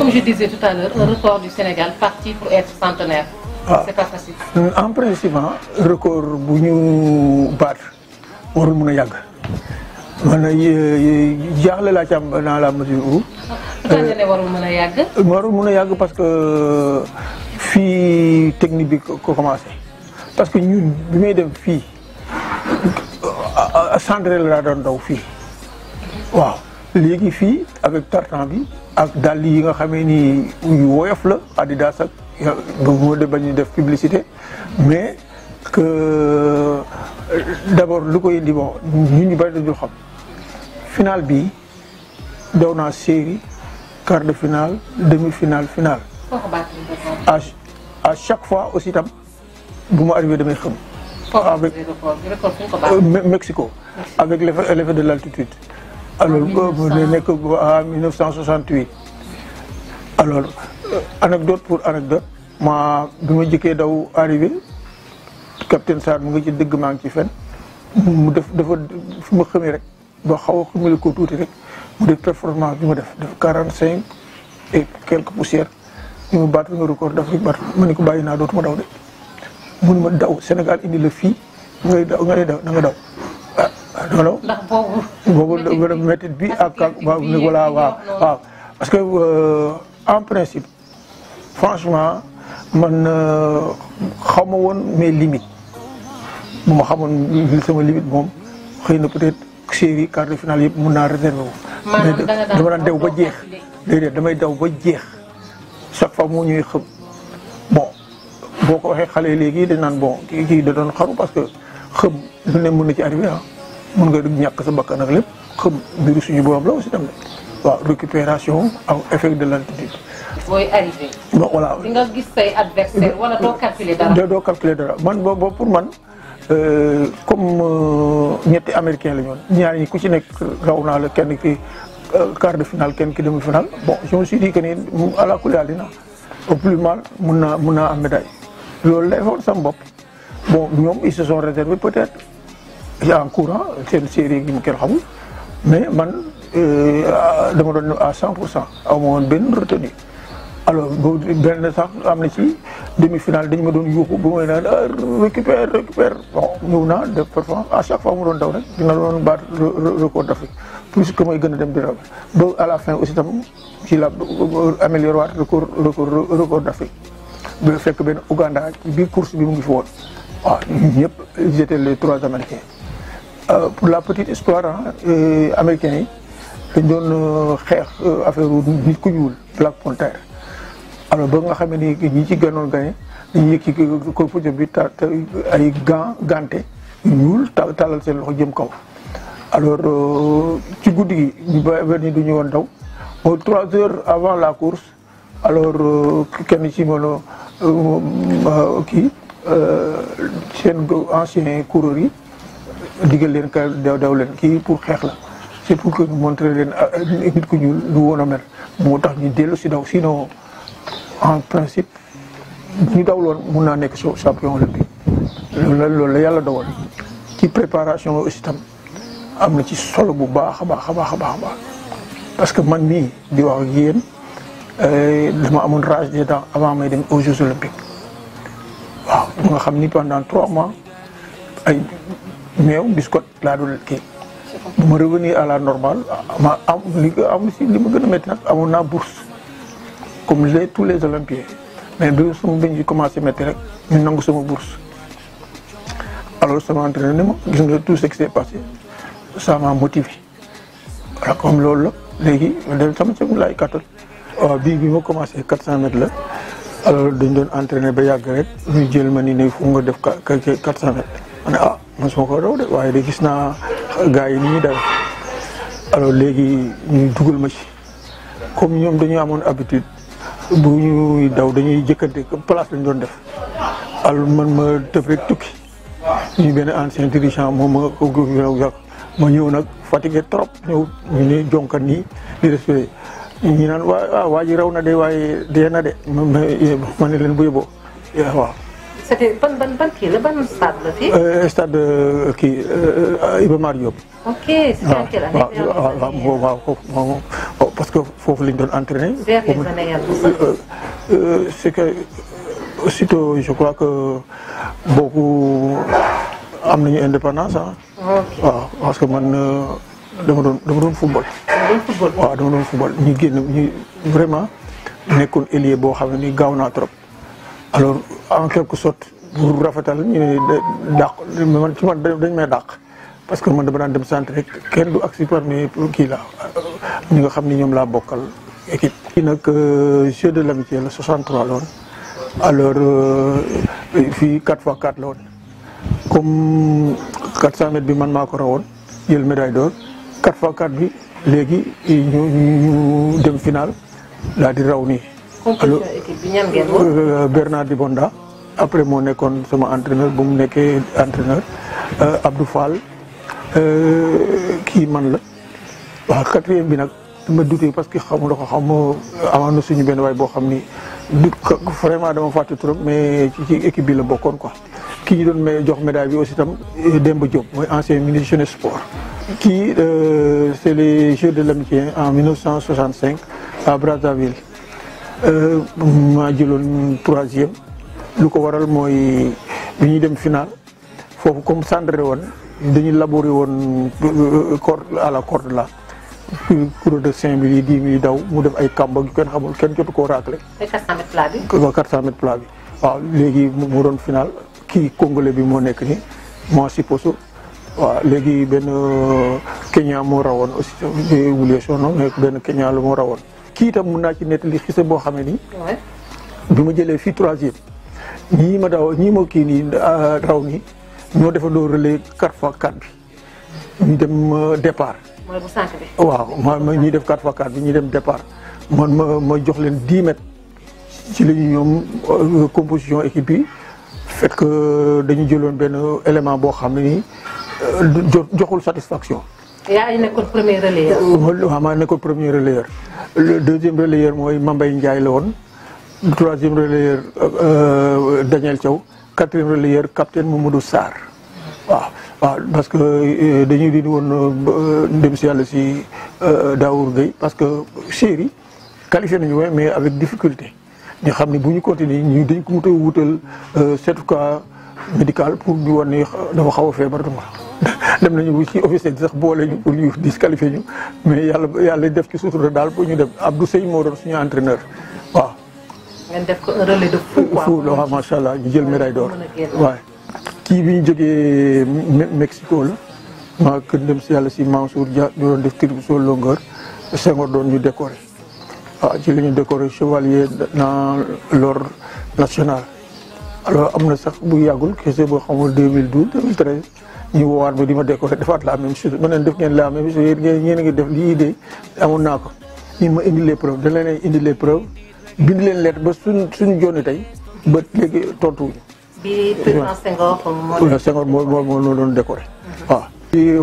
comme je disais tout à l'heure un record du Sénégal parti pour être centenaire. Ah. Euh, en principe record bu ñu baat warul mën a yàgg. man euh, euh, jaaxle laa ci am la mesure où. Ah, ne warul mën a warul mën a yàgg parce que fii technique bi ko commencé parce que ñun bi may dem fii centre la daa daw fii waaw. léegi fii avec tartan bi ak dàll yi nga xamee ni yu woyof la Adidas ak moo de bañ def publicité mais que euh, d'abord lu koy indi bon ñu ñu bëri dañu xam final bi daw naa série quart de finale demi finale finale à chaque fois aussi tam bu ma arrivé damay xam avec euh, Mexico avec l'effet de l'altitude alors boobu ne nekk en 1968 alors anecdote pour anecdote ma bi ma jëkkee daw arrivé capitaine Sarr mu ngi ci dégg maa ngi ci fen mu def dafa fi ma xamee rek boo xaw a xamale ko tuuti rek mu def performance bi ma def def quarante cinq et quelques poussières ñu mu battre nga record d'Afrique ma ne ko bàyyi naa dootuma daw de mu ma daw Sénégal indi la fii ngay daw nga ne daw na daw Ah, non non bi ak ak voilà waaw parce que euh, en principe franchement man euh, xaw ma woon mais limites bu ma xamoon sama limite moom xëy na peut-être série quart de finale yëpp mun naa réserver wu. mais dama daan daw ba jeex. déedéet damay daw ba jeex chaque fois moo ñuy xëm bon boo ko waxee xale léegi dañ naan bon kii kii da doon xaru parce que xëm ne mën na ci arrivé ah. mën nga ñàkk sa bakkan ak lépp xam mbiru suñu borom la aussi tamit waaw récupération ak effet de l'altitude. booy arrivé. bon voilà doo calculer dara. man boobu pour man euh, comme euh, ñetti américain la ñoon ñaar ñi ku ci nekk raw la kenn ki euh, quart de finale kenn ki demi finale bon je me suis dit que au plus mal mun naa mun naa am médaille loolu lay xool sama bopp bon ñoom ils se sont réservés peut-être. yaa en courant seen série yi mu kenn xamul mais man euh, dama doon à cent pour cent aw ma woon benn retenu alors boobu benn sax am na ci demi-finale dañu ma doon yuuxu bu may naan ah, récupère récupère bon ñëw naa def performance à chaque fois mu doon daw rek dina doon baat record d'Afrique plus que may gën a dem di raw ba à la fin aussi tam ci la euh, amélioré waat record record record d'Afrique ba fekk benn Ouganda ci biir course bi mu ngi fi woon waaw ah, ñëpp ils les trois Américains pour euh, la petite histoire ah euh, américains yi dañ doon euh, xeex affaire nit ku ñuul Black Panther alors ba nga xam ni ñi ci gënoon gagné dañuy yëkki ko podium bi ta ay gants ganté ñuul ta tàllal seen loxo jëm kaw alors ci guddi gi ñu ba ni du ñu woon daw mooy trois heures avant la course alors kenn ci mono kii seen ancien coureur yi digal leen ka daw daw leen kii pour xeex la c'est pour que ñu montrer leen ah, euh, nit ku ñu lu woon a mel moo tax ñu dellu si daw sinon en principe bu ñu daw loon mun naa nekk champion olympique loolu la loolu la yàlla dogal ci préparation aussi tam am na ci solo bu baax a baax a baax a baax parce que man mii di wax ak yéen euh, dama amoon rage des dents avant may dem aux Jeux olympiques waaw bu nga xam ni pendant trois mois mais gis ko laa dul kii. bu ma revenir à la normale ma am li am si li ma gën a métti nag amoon naa bourse comme les tous les olympiens mais bi sama bañ yi commencé métti rek ñu nangu sama bourse. alors sama entraînement gis nga tout ce qui s'est passé ça m'a motivé comme loolu la léegi dem sama sëñ laay kattan waaw euh, bii bi ma commencé 400 mètres la alors dañ doon entraîné ba yàgg rek ñu jël ma ni ne fu nga def 400 mètres ma ne ah, mosuma ko raw de waaye de gis naa gars yi ni ñuy def alors léegi ñu dugal ma comme ñoom dañuy amoon habitude bu ñuy daw dañuy jëkkante place lañ doon def alors man ma tëb tukki ñu benn ancien dirigeant moom ma yàq ma ñëw nag fatigué trop ñëw ñu ne jonkan nii di respiré ñu naan waa waa ji raw na de waaye dee na de ma ne leen bu yóbboo waaw c'était ban kii la stade la fii. Euh, stade parce que foofu lañ doon entraîné. Euh, euh, c'est que je crois que beaucoup am nañu indépendance ah. parce que man dama doon dama doon football. waaw dama football ñu génn ñu vraiment nekkoon ailier boo xam ne nii gaaw naa trop. alors en quelque sorte pour rafetal ñu ne dàq man ci man dañ may dàq parce que man dama daan dem centre rek kenn du agsi parmi pour kii la ñi nga xam ni ñoom laa bokkal équipe. fii nag euh, jeu de l'amitié la 63 la woon alors euh, fii 4 fois 4 la woon comme 400 bi man maa ko rawoon jël médaille d'or 4 fois 4 bi léegi ñu ñu dem final laa di raw nii. allo euh, euh, Bernard Dibonda après moo nekkoon sama entraîneur bu mu nekkee entraîneur euh, Abdou Fall kii man la waaw quatrième bi nag dama douté parce que xamuloo ko xam amaan na suñu benn waay boo xam ni du vraiment dama fàtte trop mais ci équipe bi la bokkoon ko ki ñu doon mais jox médaille bi aussi tam demb Diop mooy ancien ministre jeunesse sport. kii c' est les Jeux de l' amitié en 1965 à Brazzaville. Euh, ma jëloon troisième lu ko waral mooy bi ñuy dem final foofu comme cendré woon dañuy labouré woon euh, corde à la corde là kuréel de cinq mille yi dix mille yi daw mu def ay kàmba yu kenn xamul kenn jotu ko raclé. ay 400 mètres plat bi. waaw 400 mètres plat bi waaw léegi mu doon final kii congolais bi moo nekk nii moo si poso waaw léegi benn euh, Kenya moo rawoon aussi j'ai oublié son nom mais benn Kenya la moo rawoon. kii itam mun naa ci nettali xise boo xamee ni. bi ma jëlee fii troisième ñii ma daaw ñii ma kii nii ah, raw nii ñoo defandoo relais quatre fois quatre bi ñu dem euh, départ. mooy bu sànq bi. waaw ma ñuy def quatre fois quatre bi ñuy dem départ man ma ma jox leen dix mètres ci la ñu ñoom euh, composition équipe bi fekk euh, dañu jëloon benn élément boo xam ne nii joxul satisfaction. yaa nekkoon premier relayeur. Euh, waaw nekkoon premier relayeur. deuxième relayeur mooy Mambay Ndiaye la woon. troisième relayeur euh, euh, Daniel Thiaw quatrième relayeur capitaine Mamadou Sarr waaw waaw parce que dañuy dindi woon ndem si yàlla si Daour Gueye parce que série qualifié nañu woon mais avec difficulté ñu xam ne bu ñu continuer ñu dañ ko mën a wutal certificat médical pour ñu wan dafa xaw a feebar dem nañu wu ci officier sax boole ñu pour ñu disqualifié ñu mais yàlla def ci sutura daal pour ñu dem Abdou Seye moo doon suñu entraîneur waaw. ngeen def ko un relais de fou quoi. fou waaw macha allah ñu jël médaille d'or kii bi ñu jógee Mexico la. maa kër dem si yàlla si Mansour Dia ñu def triple saut longueur Senghor doon ñu décoré waaw ah, ci la ñu décoré chevalier dans l'ordre national alors am na sax bu yàggul kese boo xamul 2012 2013. ñu woowaat ma di ma décoré defaat la même chose ma ne def ngeen la même chose yéen ngeen ngi def lii de amoon naa ko ñun ma indi les preuves dañ leen indi les preuves bind leen lettre ba suñ suñu jooni tey ba léegi tontu wuñu. bi président Senghor moo moo doon décoré. Mhm.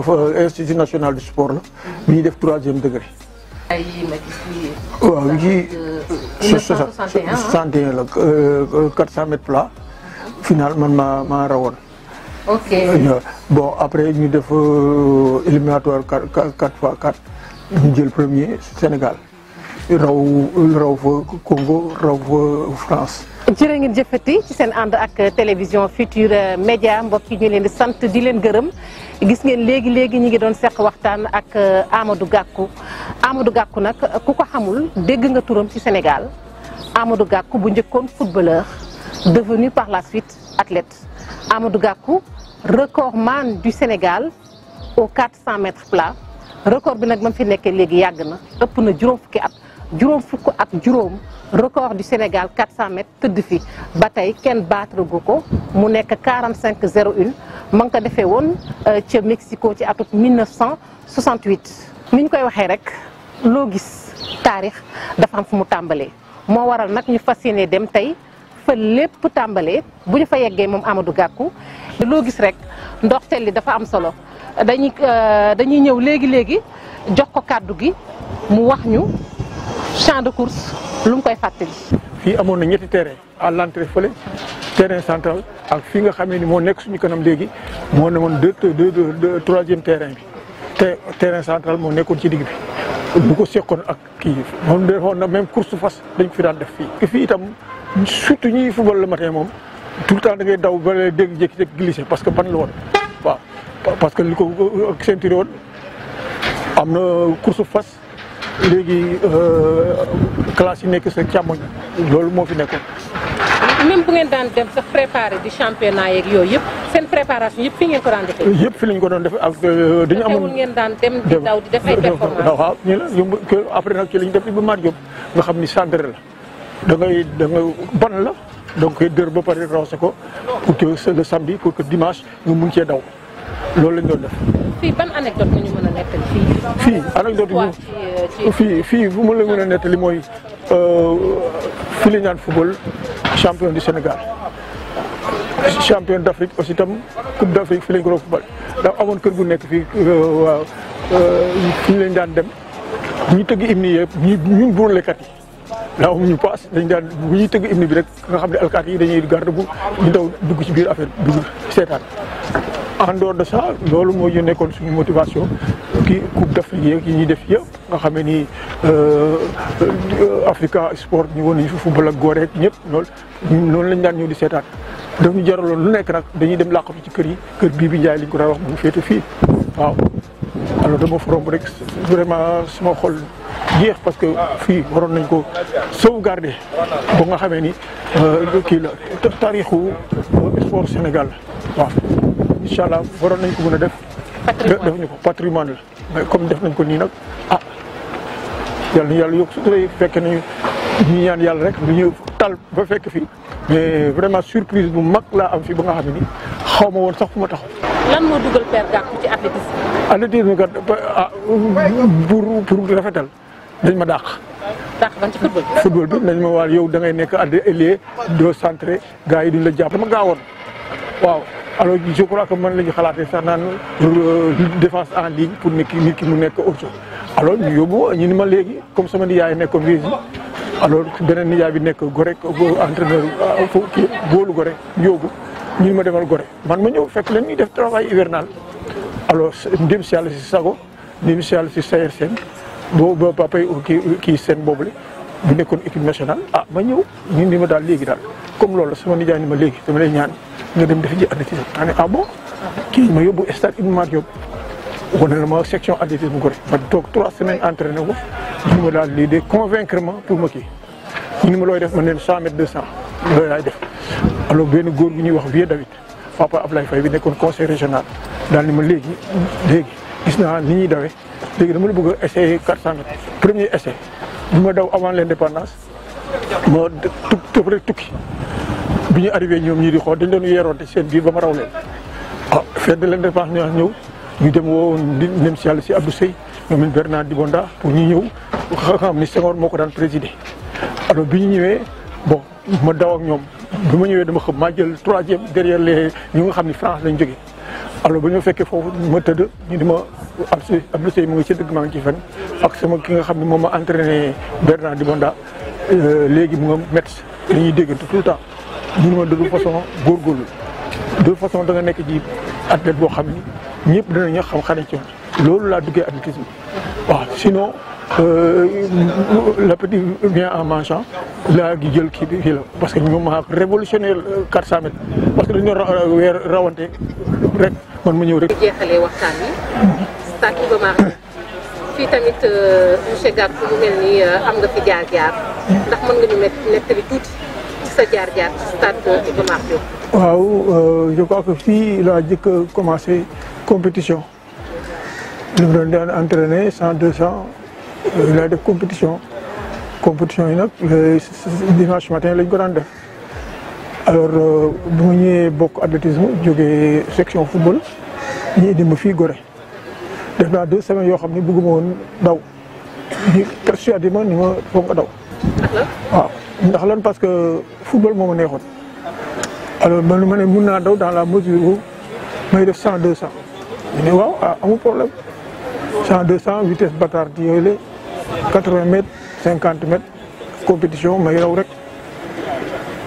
waaw. ci institut national du sport la. Mhm. bi ñuy def troisième degré. ay waaw yi euh, ci soixante et euh, plat. Mhm. final man maa maa rawoon. ok bon après ñu def euh, éliminatoire quatre quatre fois quatre. ñu jël premier Sénégal. raw raw fa Congo raw fa France. jërë ngeen jëfati ci seen ànd ak télévision Futurs euh, média mbokk yi ñu leen sant di leen gërëm gis ngeen léegi léegi ñu ngi doon seq waxtaan ak euh, Amadou Gakou Amadou Gakou nag ku ko xamul dégg nga turam ci Sénégal Amadou Gakou bu njëkkoon footballeur devenu par la suite athlète Amadou Gakou. recordman du Sénégal au 400 mètres plat record bi nag ma fi nekkee léegi yàgg na ëpp na juróom fukki at juróom fukk ak juróom record du Sénégal 400 mètres tëdd fi ba tey kenn battre gu ko mu nekk 45 01 ma ngi ko defee woon euh, ca Mexico ci atum 1968. ni ñu koy waxee rek loo gis taarix dafa am fu mu tàmbalee moo waral nag ñu fas yéene dem tey. fa lépp tàmbalee bu ñu fa yeggee moom Amadou Gakou loo gis rek ndoxteel li dafa am solo dañuy euh, dañuy ñëw léegi léegi jox ko kàddu gi mu wax ñu champ de course lu mu koy fàttali. fii amoon na ñetti terrain à l'entrée fële terrain central ak fii nga xamee ni moo nekk suñu kanam léegi moo ne woon deux deux troisième terrain bi te terrain central moo nekkoon ci digg bi. bu ko seqoon ak kii moom defoon na même course fas dañ ko fi daan def fii fii itam. surtout ñi football le matin moom tout le temps da ngay daw ba dégg jékki-jékki parce que ban la woon waaw. parce que li ko ceinture woon am na course fas léegi euh, classe yi nekk sa càmmoñ loolu moo fi nekkoon. même bu ngeen daan dem sax préparer di championnat yeeg yooyu yëpp seen préparation yëpp fi ngeen ko daan defee. yëpp fi lañ ko doon defee ak euh, dañu amoon ngeen daan dem di daw di def ay performance. waaw ñu la après nag ci def ba Mar Diop nga xam ni centre la. da ngay da nga la donc koy dër ba pare roose ko pour que samedi pour que dimanche nga mun cee daw loolu lañ doon def. fii ban anecdote nga ñu a nettali fii. fii euh, fii fii bu ma la mën a nettali mooy euh, fii la ñu naan football champion du Sénégal. champion d' aussi itam coupe d' Afrique fi lañ ko doon football ndax amoon kër gu nekk fii euh, waaw lañ daan dem ñu tëgg hymne yëpp ñun buurlekat yi. daaw mu ñu paas dañ daan bu ñuy tëgg hymne bi rek nga xam ne alkaati yi dañuy garde bu ñu daw dugg ci biir affaire bi seetaan en dehors de ça loolu moo ñu nekkoon suñu motivation ki coupe d'Afrique yeeg yi ñuy def yëpp nga xam ne nii euh, Africa Sport ñu woon nañu fi football a góor ak lool loolu lañ daan ñëw di seetaan daf ñu jaraloon lu nekk nag dañuy dem làqatu ci kër yi kër bii bi Ndiaye liñ ko daan wax mu ngi fii waaw alors dama bu rek vraiment suma xol jeex parce que fii waroon nañ ko sauvegarder ba nga xamee ni euh, kii la taarixu euh, sport Sénégal waaw incha allah waroon nañ ko mën a def. def defuñu ko patrimoine la mais comme def nañ ko nii nag ah yàlla na yàlla yokk sutura yi fekk nañu ñu ñaan yàlla rek lu ñu tal ba fekk fi mais vraiment surprise bu mag laa am fi ba nga xam ne ni xaw ma woon sax fu ma taxaw. lan moo dugal Père ah, pour pour rafetal dañ ma dàq. dàq ban bi. dañ ma waal yow da ngay nekk ailier doo centré yi duñ la jàpp dama gaawoon waaw. alors je crois que man la ñu xalaatee sax naan euh, défense en ligne pour nit ki nit ki mu nekk orto alors ñu yóbbu ñu ni ma léegi comme sama nijaay nekkoon Rési alors beneen nijaay bi nekk Gorée entraîneur ah, foofu kii góolu Gorée ñu ñuy ma demal Gorée man ma ñëw fekk leen ñuy def travail hivernal alors ndem si yàlla si Sago ndem si yàlla si Sayer seen boobu ba papay kii kii seen boobule bu nekkoon équipe nationale ah ma ñëw ñu ni ma daal léegi daal comme loolu sama nijaay ni ma léegi dama lay ñaan nga dem def ji athlétisme ma ne ah bon kii ma yóbbu stade Iba Mar Diop wane na ma section athlétisme Gorée ma toog trois semaines entraîné ko ñu ma daal lii de convaincre ma pour ma kii ñu ni looy def ma neen 100 mètres 200 loolu def alors benn góor bi ñuy wax Vieux David papa Ablaye Faye bi nekkoon conseil régional daal ni ma léegi léegi gis naa ni ñuy dawee léegi dama la bëgg a essayer 400 mètres premier essai bi ma daw avant l'indépendance ma tu tëb rek tukki bi ñu arrivé ñoom ñii di xool dañ doon yeeroonte seen biir ba ma raw leen ah fête de l'indépendance ñu ñëw ñu dem woo di nem si yàlla si Abdou Seye ñoom it Bernard Dibonda pour ñu ñëw xam ni Senghor moo ko daan présider alors bi ñu ñëwee bon ma daw ak ñoom bi ma ñëwee dama xëpp maa jël troisième derrière les ñu nga xam ni France lañ jóge alors ba ñu fekkee foofu ma tëdd ñu di ma ab si Abdou mu ngi ci dëgg maa ngi ci fen ak ki nga xam ne moom ma entraîné Bernard Dibonda euh, léegi mu nga métti dañuy déggante tout le temps ñu ne ma de toute façon góorgóorlu de toute façon da nga nekk ci athlète boo xam ni ñëpp dinañu xam xarañ ci loolu laa duggee athlétisme waaw sinon euh, l'appétit vient en mangeant laa gi jël kii bi kii la parce que ñoom maa révolutionné 400 euh, mètres parce que dañu doon euh, weer rawante rek man ma ñëw rek. jeexalee waxtaan bi Sadou Iba Mar fii tamit monsieur Gare fu mu mel ni am nga fi jaar-jaar ndax mën nga ñu nettali tuuti ci sa jaar-jaar ci Stade Iba Mar waaw je crois fii laa jëkk commencé compétition. ñu doon daan entraîné cent deux cent lay def compétition compétition yi nag dimanche matin lañ ko daan def alors euh, bu ma ñëwee bokk athlétisme jógee section football ñu indi ma fii Gorée def naa deux semaines yoo xam ne bëgguma woon daw ñu persuadé ma ni ma foog daw waaw ndax lan parce que football moo ma neexoon alors man ma ne mun naa daw dans la mesure où may def cent deux cent ñu waaw ah amul problème champ 200 vitesse bâtard yooyu la 80 mètres 50 mètres compétition may raw rek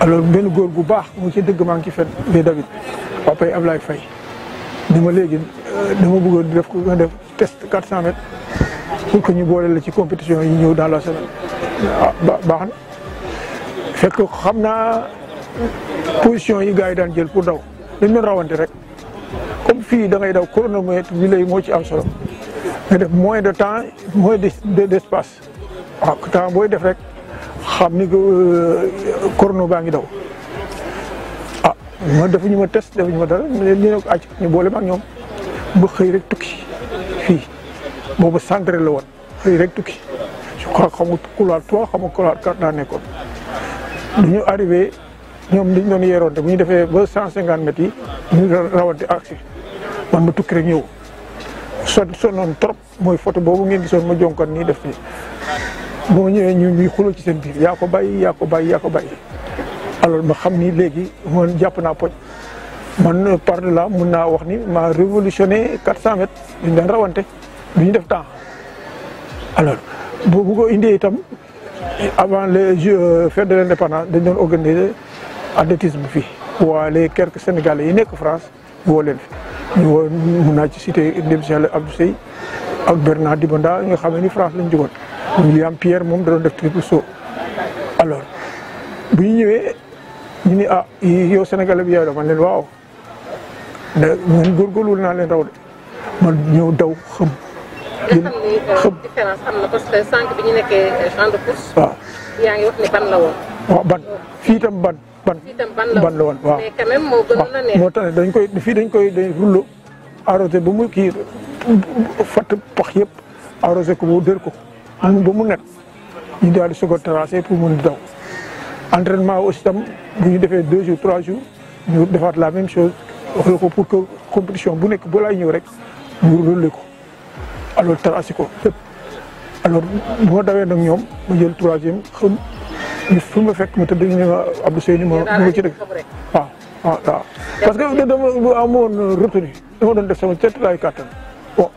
alors mbenn góor gu baax mu ci dëgg maa ngi fen fet bi David papay Ablaye Faye ni ma léegi euh, dama bëggoon def ko nga def test 400 mètres pour que ñu boole la ci compétition yi ñëw dans la semaine ah, baax na fekk xam naa position yi gars yi daan jël pour daw dañ doon rawante rek comme fii da ngay daw chronomètre bi lay moo ci am solo nga moins de temps moins de d' espace waaw ah, temps booy def rek xam ni euh, corona baa ngi daw ah ma defuñu ma test defuñu ma dara ñu ne ko ñu boole ak ñoom ba xëy rek tukki fii boobu centre la woon xëy rek tukki je crois xam nga couloir trois xam nga couloir quatre nekkoon du ñu arrivé ñoom liñ doon yeeroonte bu ñu defee ba cent cinquante mètres yi ñu rawante accès man ma tukki rek ñëw. son sonnoon trop mooy photo boobu ngeen gisoon ma jonkoon nii def fi moo ma ñëwee ñu ñuy xuloo ci seen biir yaa ko bàyyi yaa ko bàyyi alors ma xam ni léegi man jàpp naa poj man par la mun naa wax ni ma révolutionné 400 mètres duñ daan rawante duñu def temps alors boobu ko indee itam avant les jeux euh, fête de l'indépendance dañ doon organiser athlétisme fii waa les quelques sénégalais yi nekk France woo leen fi ñu woo mun naa ci cité dem si yàlla ak Bernard Dibanda nga xam ne France lañ jógoon. William Pierre moom da doon def triple saut alors bu ñu ñëwee ñu ni ah yow Sénégal bi yaay la man leen waaw da man góorgóorlu naa leen raw de man ñëw daw xam. jël xam ban fii tam ban. ban ban la woon waaw moo tax dañ koy fii dañ koy dañ rullo arrosé ba mu kii fatt pax yëpp arrosé ko ba dër ko ba mu nekk ñu daal di soog a tracé pour mun daw entraînement aussi tam bu ñu defee deux jours trois jours ñu defaat la même chose xool ko pour que compétition bu nekk balaa ñëw rek ñu rulle ko alors tracé ko lépp alors bu nag ñoom ma jël troisième gis ma fekk mu tëdd ñu ne ma Abdou Seye ni ma ni ma ci dëgg ah, ah, ah. parce que dama amoon retenu dama doon def sama cettalaayu kàttan bon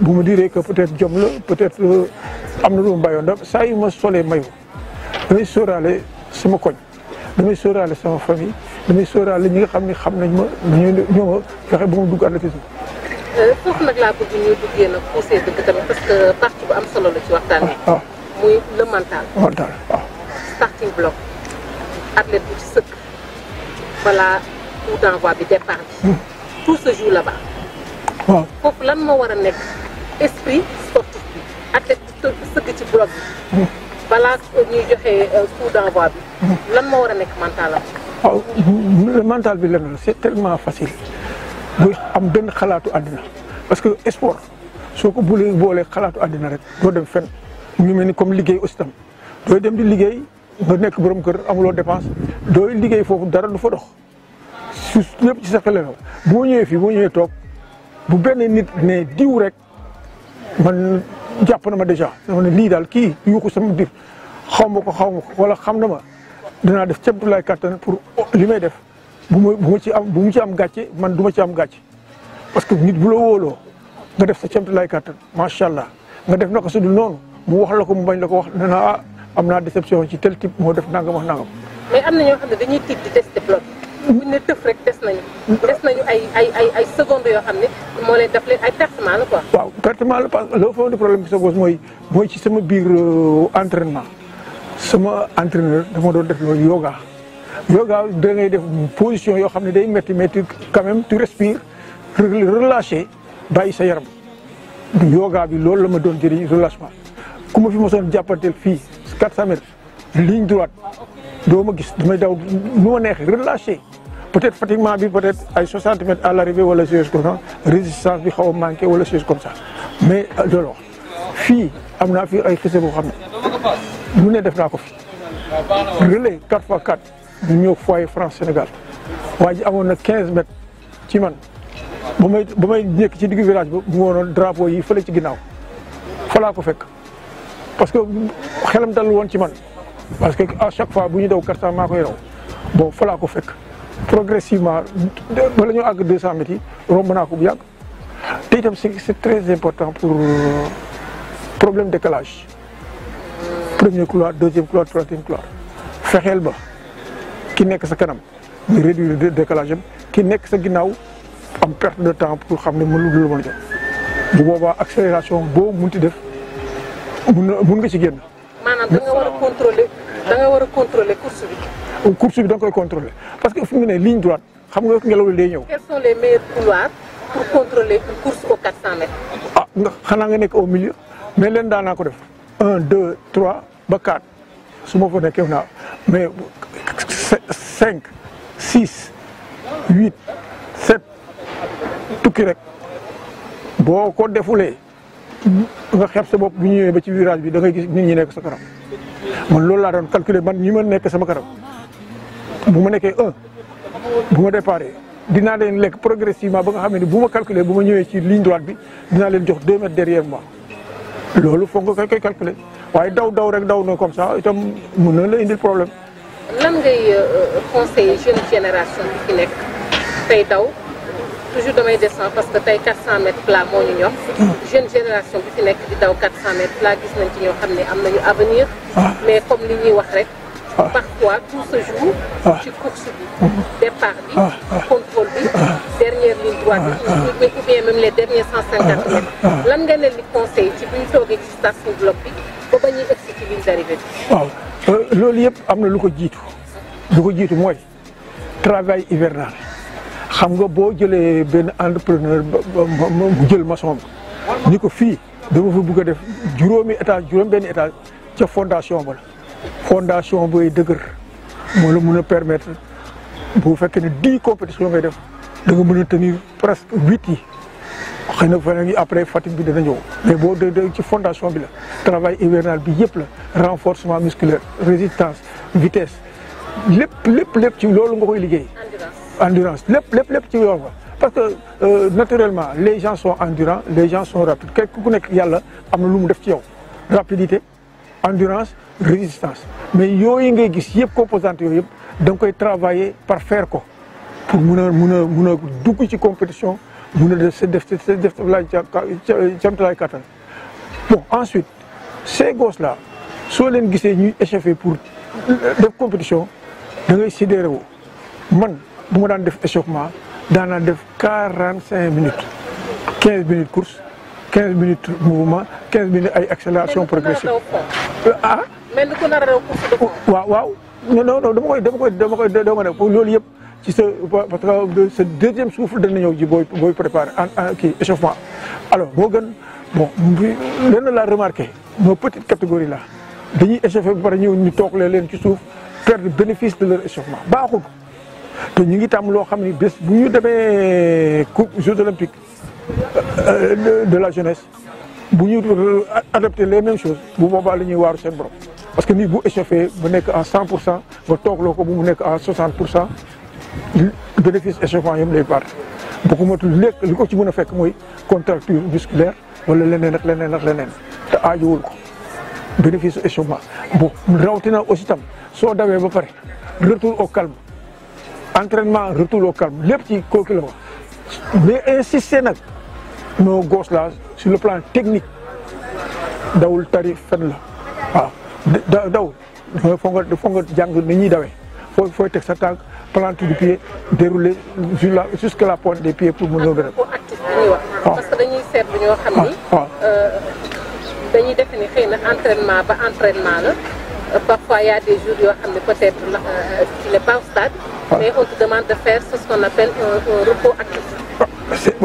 bu ma diree que peut jom la peut être euh, am na lu ma bàyyoon ndax saa yu ma solee mayu damay sóoraale sama koñ damay sóoraale sama famille damay sóoraale ñi nga xam ne xam nañ ma ñu ñoo ma fexe ba ma dugg athlétisme euh, foofu nag nag poussé dëgg parce que partie bu am solo la ci waxtaan bi muy starting block athlète bu ci sëkk balaa coup d'envoi bi départ bi. Hmm. tout se joue là waaw foofu lan moo war a nekk esprit sportif bi athlète bu sëkk ci bloc bi. Hmm. balaa ñuy joxe euh, coup d'envoi bi. Hmm. lan moo war a nekk mentalam. waaw bi lenn la c'est tellement facile bu am benn xalaatu àddina parce que sport soo ko bulee boolee xalaatu àddina rek doo dem fenn ñu mel ni comme liggéey aussi tam dooy dem di liggéey. nga nekk borom kër a amuloo dépense dooy liggéey foofu dara du fa dox su lépp ci sa xel boo ñëwee fii boo ñëwee toog bu benn nit ne diw rek man jàpp na ma dèjà dama lii daal kii yuuxu sama dir xaw ma ko xaw ma ko wala xam na ma danaa def ceeb du laay kattan pour li may def bu ma bu ci am bu mu ci am gàcce man du ma ci am gàcce parce que nit bu la wooloo nga def sa ceeb du laay kattan macha allah nga def na ko su dul noonu mu wax la ko mu bañ la ko wax dana ah am naa déception ci tel type moo def nangam ak nangam. mais am na ñoo xam ne dañuy tiit di tester plot bu ñu ne tëf rek des nañu. des nañu ay ay yoo xam ne moo leen def leen ay problème bi mooy mooy ci sama biir euh, entraînement sama entraîneur dama doon def loolu yoga. da ngay def position yoo xam ne day métti métti quand même tu respires relâché bàyyi sa yaram yoga bi loolu la ma doon jëriñ relâchement ku ma fi mosoon jàppanteel fii. 400 mètres ligne droite doo ma gis damay daw lu ma neexee relâché peut-être pratiquement bi peut-être ay 60 mètres à l'arrivée wala chose comme ça résistance bi xaw a manqué wala chose comme ça mais euh, loolu fii am naa fi ay xise boo xam ne lu ne def naa ko fi relais 4 fois 4 ñu ñëw foyer France Sénégal waa ji amoon na quinze mètres ci man ba may ba may nekk ci diggu village ba mu wonoon drapeau yi fële ci ginnaaw fa laa ko fekk. parce que xelam dal woon ci man parce que à chaque fois bu ñu daw 400 maa koy raw bon fa ko fekk progressivement bala ñu àgg 200 mètres yi romb naa ko bu yàgg te itam c'est très important pour euh, problème décalage premier couloir deuxième couloir troisième fexeel ba ki nekk sa kanam ñu réduire décalage am ki nekk sa ginnaaw am perte de temps pour xam ne mënul lu la mën a jot bu boobaa accélération boo munti def. mun nga ci génn. maanaam war a contrôler course bi. course bi da nga koy contrôler parce que fu mu ne ligne droite xam nga ngelaw li day ñëw. quels sont pour contrôler une course aux 400 mètres. ah xanaa nga nekk au milieu mais leen daanaa ko def un deux trois ba quatre su ma fa nekkee naa mais cinq six huit sept tukki rek boo ko defulee. nga xeeb sa bopp bu ñëwee ba ci virage bi da ngay gis nit ñi nekk sa kanam man loolu laa doon calculer man ñi ma nekk sama kanam bu ma nekkee bu ma départ dinaa leen lekk progressivement ba nga xam ne bu ma calculer bu ma ñëwee ci ligne droite bi dinaa leen jox deux mètres derrière moi loolu foog nga koy calculer waaye daw daw rek daw na comme sax itam mën na la indil problème. lan ngay euh, conseiller jeune génération bi fi nekk toujours damay descendre parce que tey 400 mètres plat moo ñu ñor. jeune génération bi ci nekk di daw 400 mètres plat gis nañ ci ñoo xam ne am nañu avenir. Ah. mais comme li ñuy wax rek. Ah. parfois tout se joue. Ah. ci course bi. départ bi. contrôle bi. dernière ligne droite bi. ou bien même les mètres. lan nga leen di conseil ci bu ñu toogee ci station bloc bi ñuy egsi ci ligne d'arrivée euh, loolu yëpp am na lu ko jiitu. lu ko jiitu mooy travail hivernal. xam nga boo jëlee benn entrepreneur mu jël maçon bi ni ko fii dama fa bëgg a def juróomi étage juróom benn étage ca fondation ba fondation booy dëgër moo la mun a permettre bu fekkee ne dix compétition ngay def da nga mën a tenir presque huit yi xëy na fan yi après Fatick bi dana ñëw mais boo dee ci fondation bi la travail hivernal bi yëpp la renforcement musculaire résistance vitesse lépp lépp lépp ci loolu nga koy liggéey endurance lépp lépp lépp ci yoon wa parce que euh, naturellement les gens sont endurants les gens ku nekk yàlla am na lu mu def ci yow rapidité endurance résistance mais yooyu ngay gis yëpp composante yooyu yëpp da koy travailler par fair ko pour mun a mun a mun dugg ci compétition mun a def sa def sa def camtalaay kattan bon ensuite ces gosses là soo leen gisee ñuy échauffé pour def compétition da ngay sidéré wu bu ma daan def échauffement daanaa def quarante cinq minutes quinze minutes course quinze minutes mouvement quinze minutes ay accélération progressive ah mel ni ku nar a rew waaw waaw non non dama koy dama koy dama koy dama def loolu yëpp ci sa parce que sa deuxième ñëw ji booy booy préparé en kii échauffement alors moo gën bon la laa remarqué nos petite catégorie la dañuy échauffé ba pare ñu toog leen ci suuf perdre bénéfice de leur échauffement baaxul te ñu ngi tàmm loo xam ni bés bu ñu demee coupe Jeux olympiques euh, euh, de la jeunesse bu ñu euh, adopté les mêmes choses bu boobaa la ñuy waaru seen borom parce que nii bu échauffé mu nekk en cent pour cent nga toogloo ko bu mu nekk en soixante pour cent bénéfice échauffement yam lay part bu ko matul lekk li ko ci mën a fekk mooy contracture musculaire wala leneen ak leneen ak leneen te aajowul ko bénéfice échauffement bu rawatina aussi tam soo dawee ba pare retour au calme entraînement retour au calme lépp ci kooku la wax mais insister nag nos gosses là sur le plan technique dawul tari fen la daw foo nga jàng ni ñuy dawee foo fooy teg sa tànk plante du pied déroulé jusqu'à la pointe des pieds pour mu ñëw dara. parce que dañuy seetlu ñoo xam ni. Euh, dañuy defe ni xëy ba entraînement la. parfois il y a des jours yoo xam ne peut-être euh, euh, il n'est pas au stade. Ah. mais on te demande de faire ce qu'on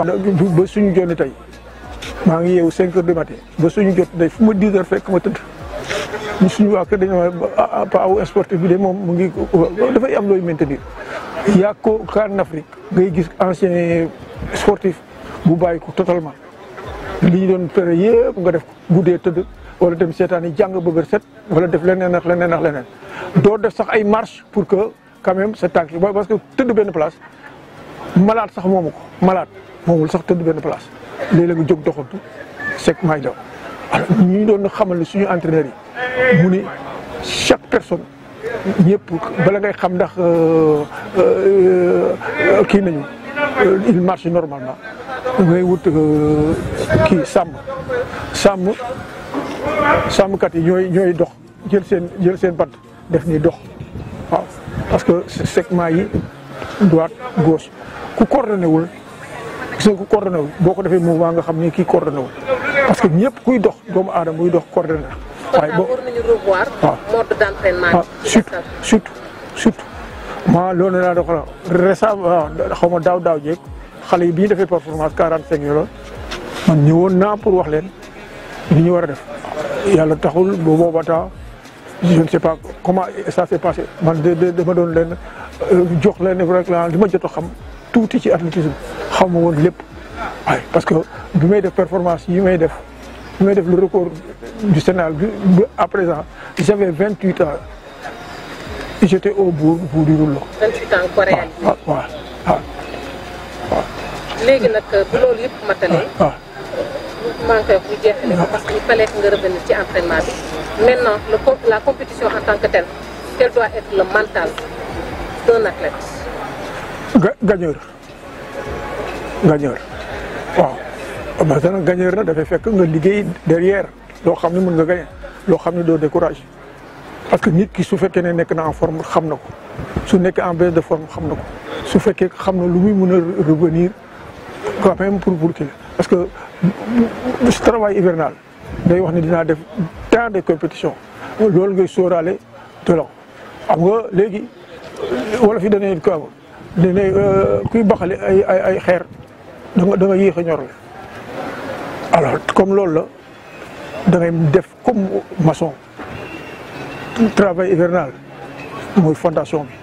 ah, ba suñu jonni tey maa ngi yeewu 5 heures du matin ba suñu jot day fu ma 10 heures fekk ma tëdd ñu suñu waa kër dañoo ah, bi de moom mu ngi dafay am looy maintenir yaa ko CAN Afrique ngay gis ancien sportif bu bàyyi ko totalement. li ñu doon tere yëpp nga def guddee tëdd wala dem seetaan yi jàng bëgg set wala def leneen ak leneen ak leneen doo def sax ay marche pour que quand même sa tànk parce que tëdd benn place malaat sax moomu ko malade moomul sax tëdd benn place léeg-léeg nga jóg doxantu sec may daw alors ñu doon xamal ne suñu entraîneur yi mu chaque personne ñëpp bala ngay xam ndax euh, euh, euh, kii nañu il marche normalement da ngay wut uh, kii sàmm sam sàmmkat yi ñooy ñooy dox jël seen jël seen bant def ni dox waaw parce que segment yi droite gauche ku coordonné wul gis nga ku coordonné boo ko defee mouvement nga xam ni kii coordonné wul parce que ñëpp kuy dox doomu aadama buy dox coordonné waaye boo waaw waaw ah, surtout surtout surtout moi loolu laa xaw ma daaw daaw jéeg xale yi bi ñu defee performance quarante cinq yooyu la man ñëwoon naa pour wax leen bi ñu war a def yàlla taxul bu boobaa taa je ne sais pas comment ça s'est passé man de de doon leen euh, jox leen rek la li ma jot a xam tuuti ci athlétisme xaw ma woon lépp waaye parce que bi may def performance yi may def bi may def le record du Sénégal bi à présent j'avais vingt huit ans j'étais au vingt huit ans coréen. waaw waaw waaw. léegi nag euh, bu loolu yëpp matalee. waaw ah, ah. maa ngi koy wax bu ah. parce que nga revenir ci entraînement bi. maintenant le la compétition en tant que telle quel doit être le mental d'un athlète. ga gagneur gagneur waaw. parce que nag dafay fekk nga liggéey derrière loo xam ne mën nga gagné loo xam ne doo découragé parce que nit ki su fekkee ne nekk na en forme xam na ko su nekkee en baisse de forme xam na ko su fekkee xam na lu muy mën a revenir quoi même pour pour kii parce que si hivernal day wax ne dinaa def tant de compétition loolu ngay sóoraale de long nga léegi wala fi danañ ko am danañ euh, kuy baxale ay ay ay xeer da nga da nga yéex a ñorle alors comme loolu la dangay def comme maçon travail hivernal mooy fondation bi.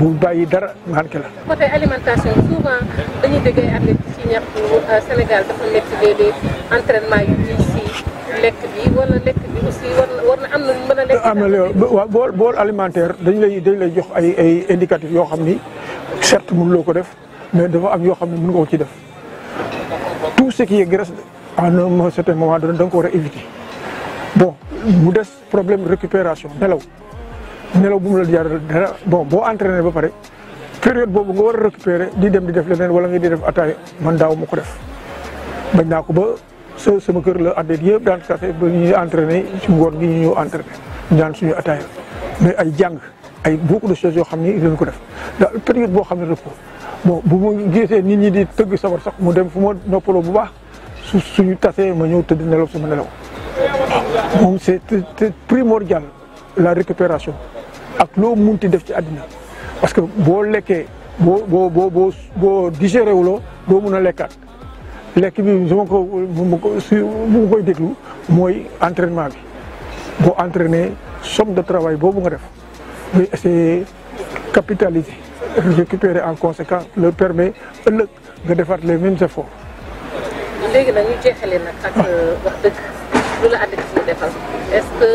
bu bàyyi dara manqué la. côté alimentation souvent dañuy dégg ay ci ñaxtu euh, Sénégal dafa métti léeg-léeg entraînement yu am na lu bool bool alimentaire dañ lay dañ lay jox ay ay indicatifs yoo xam ni certes mënuloo ko def mais dafa am yoo xam ne mën nga ko ci def tout ce qui est graisse à un certain moment donné da ko war a éviter bon mu des problème récupération nelaw. nelaw bu mu la jaral dara bon boo entraîné ba pare période boobu nga war a récupérer di dem di def leneen wala nga di def attaaya man daaw ma ko def. bañ naa ko ba sa sama kër la athlète yëpp daan kafe ba ñuy entraîné ci ngoon gi ñu ñëw entraîné daan suñu attaaya mais ay jàng ay beaucoup de choses yoo xam ni dinañ ko def daal période boo xam ne ko bon bu ma gisee nit ñi di tëgg sabar sax mu dem fu ma noppaloo bu baax su suñu tasee ma ñëw tëdd nelaw sama nelaw waaw moom c'est primordial la récupération ak loo munti def ci àddina parce que boo lekkee boo boo boo boo boo digéré boo doo mun a lekkaat lekk bi su ma ko bu ma koy déglu mooy entraînement bi boo entraîné somme de travail boobu nga def ngay essayer capitaliser récupérer en conséquence le permet nga defaat les mêmes ah. euh, defal est que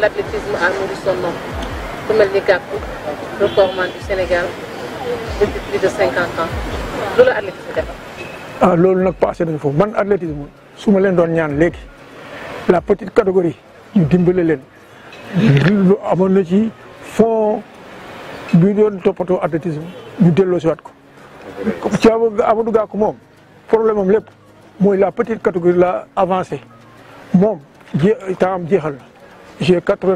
l'athlétisme a nourri son ku mel ni ah, loolu nag passé nañu foofu man athlétisme su ma leen doon ñaan léegi la petite catégorie ñu dimbale leen lu amoon na ci fond bi doon toppatoo athlétisme ñu delloo siwaat ko ci Amadou Gakou moom problème moom lépp mooy la petite catégorie la avancé moom je temps am jeexal na j'ai quatre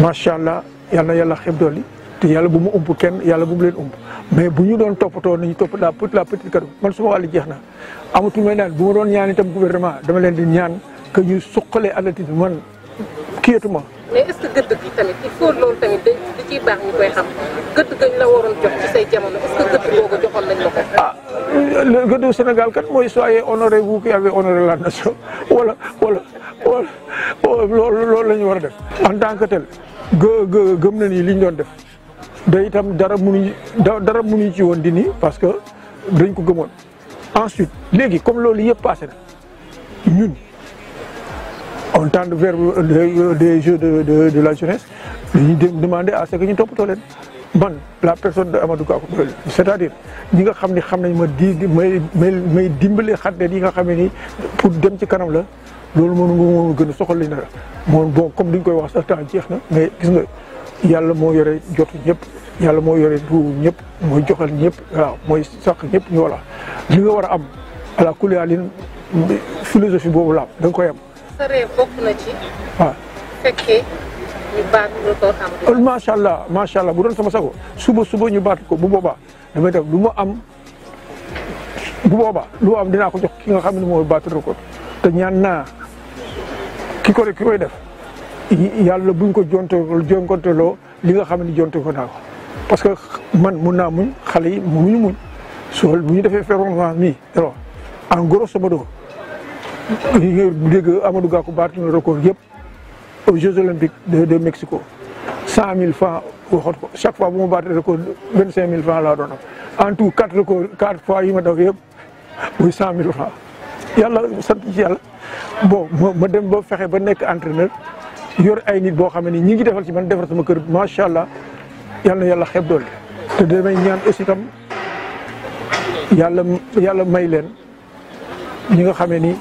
macha allah yal yàlla xeb dool yi te yàlla bu mu ump kenn yàlla bu mu leen ump mais bu ñu doon toppatoo nañu topp la petite la petite kàddu man suma wàllu jeex na amatu may naan bu ma doon ñaan itam gouvernement dama leen di ñaan que ñu suqalee athlétisme bi man kiyatuma. mais est ce que gëdd gi la waroon jox ci say jamono gëdd googu joxoon nañ la ko. ah gëddu Sénégal kat mooy soyez honoré vous qui avez honoré la nation wala wala. loolu loolu la ñu war a def en tant que tel gë gëm na ni li ñu doon def day itam dara mënuñu dara mënuñu ci woon di nii parce que dañ ko gëmoon. ensuite léegi comme loolu yëpp passé na ñun on tend vers euh, euh, des jeux de de de la jeunesse dañuy demander à ce que ñu toppatoo leen man la personne de Amadou Gakou c'est-à-dire ñi nga xam ni xam nañ ma di may may dimbalee xatnet yi nga xam ne ni pour dem ci kanam la. loolu moom moo gën a soxal li na moom boo comme duñ koy wax sax temps jeex na mais gis nga yàlla moo yore jotu ñépp yàlla moo yore duwu ñëpp mooy joxal ñépp waaw mooy sàq ñépp ñu li nga war a am ala kulli alin philosophie boobu laam da koy am. sa réew bokk na allah bu doon sama sago suba suba ñu baat ko bu boobaa damay def lu ma am bu boobaa lu am dinaa ko jox ki nga xam ne mooy baat record te ñaan naa. ki ko rek ki koy def yàlla buñ ko jonte jonkonteloo li nga xam ne jonte ko naa parce que man mun naa muñ xale yi muñu muñ su bu ñu defee ferronnement mi alors en grosso modo ñu dégg Amadou Gakou baatu na record yëpp aux Jeux olympiques de de Mexico cent mille francs waxoon ko chaque fois bu ma baatee record vingt cinq mille francs laa doon am en tout quatre record quatre fois yi ma daw yëpp muy cent mille francs yàlla sant ci yàlla bon ma dem ba fexe ba nekk entraîneur yor ay nit boo xam ne ñi ngi defal ci man defar sama kër macha allah yal yàlla xeeb doole. te damay ñaan aussi tam yàlla yàlla may leen ñi nga xame ni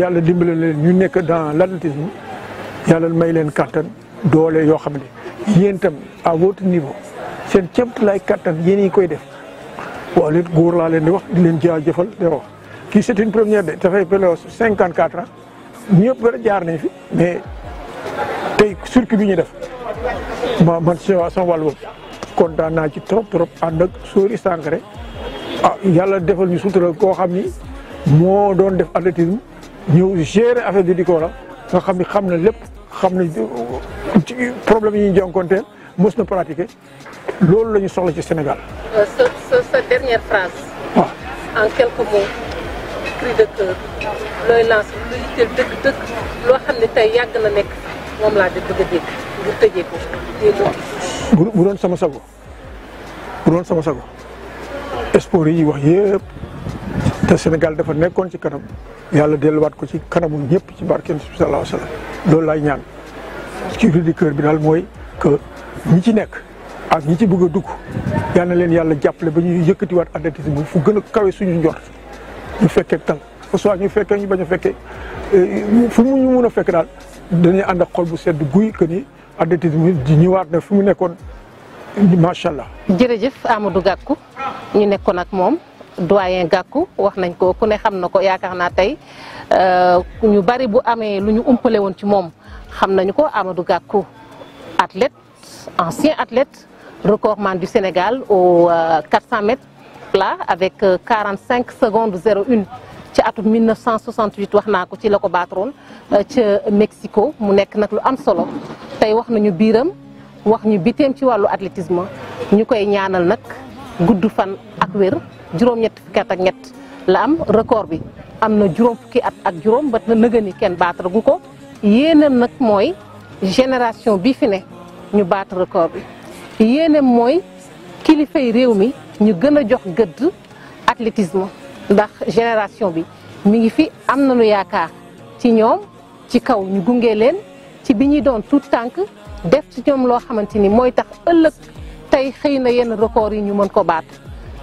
yàlla dimbale leen ñu nekk dans l'athlétisme yàlla may leen kattan doole yoo xam ni yéen tam à votre niveau seen ceeb lay kattan yéen ñi koy def waaw léegi góor laa leen di wax di leen jaajëfal di wax. kii c'est une première de dafay peloo 54 ans ñëpp bëri jaar nañ fi mais tey circuit bi ñu def ma man sama wàll boobu kontaan naa ci trop trop ànd ak Sori Sangaré ah yàlla defal ñu sutura koo xam ni moo doon def athlétisme ñëw gérer affaire bi di ko la nga xam ni xam na lépp xam na euh, ci problème yi ñuy jànkuwanteel mës na pratiquer loolu la ñu soxla ci Sénégal. Euh, cri looy lancé lu yitteel dëgg dëgg loo xam ne tey yàgg na nekk moom laa di bëgg a dégg ngir tëjee ko bu doon sama sago bu doon sama sago sport yi wax yëpp te Sénégal dafa nekkoon ci kanam yàlla delluwaat ko ci kanamu ñëpp ci barkeen bi sallallahu alayhi wa sallam loolu laay ñaan ci cri de bi daal mooy que ñi ci nekk ak ñi ci bëgg a dugg yal leen yàlla jàppale ba ñuy yëkkatiwaat athlétisme bu fu gën a kawe suñu njort ñu fekkee tal soit ñu fekkee ñu bañ a fekkee euh, fu mu ñu mun a fekk daal dañuy ànd ak xol bu sedd guy que ni athlétisme di ñëwaat na fu mu nekkoon macha allah. jërëjëf Amadou Gakou ñu nekkoon ak moom doyen gàkku wax nañ ko ku ne xam na ko yaakaar naa tey euh, ñu bari bu amee lu ñu umpale woon ci moom xam nañu ko Amadou Gakou athlète ancien athlète recordman du Sénégal au 400 euh, plat avec 45 euh, secondes 01 ci atum 1968 wax naa ko ci la ko baatroon euh, ca Mexico mu nekk nag lu am solo tey wax nañu biiram wax ñu biteem ci wàllu athlétisme ñu koy ñaanal nag gudd fan ak wér juróom-ñett fukki at la am record bi am na juróom fukki at ak juróom ba nëgë ni kenn baatara gu ko yéeneem nag mooy génération bi fi ne ñu baat record bi yéeneem mooy kilifay réew mi ñu gën a jox gëdd athlétisme ndax génération bi mi ngi fi am nañu yaakaar ci ñoom ci kaw ñu gunge leen ci bi ñuy doon tuuti tànk def ci ñoom loo xamante ni mooy tax ëllëg tey xëy na yenn record yi ñu mën ko baat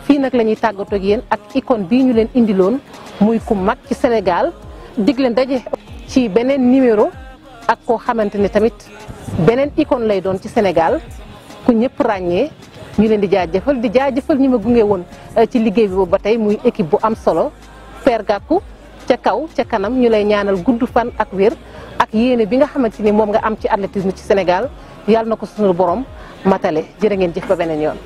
fii nag la ñuy tàggatoo ak yéen ak icône bii ñu leen indiloon muy ku mag ci Sénégal dig leen daje ci beneen numéro ak koo xamante ne tamit beneen icône lay doon ci Sénégal ku ñëpp ràññee. ñu leen di jëfal di jaajëfal ñi ma gunge woon eh, ci liggéey bi boobu ba tey muy équipe bu am solo Père Gakou ca kaw ca kanam ñu lay ñaanal gudd fan ak wér ak yéene bi nga xamante ni moom nga am ci athlétisme ci Sénégal yàlla na ko sunu borom matale jërë ngeen jëf ba beneen yoon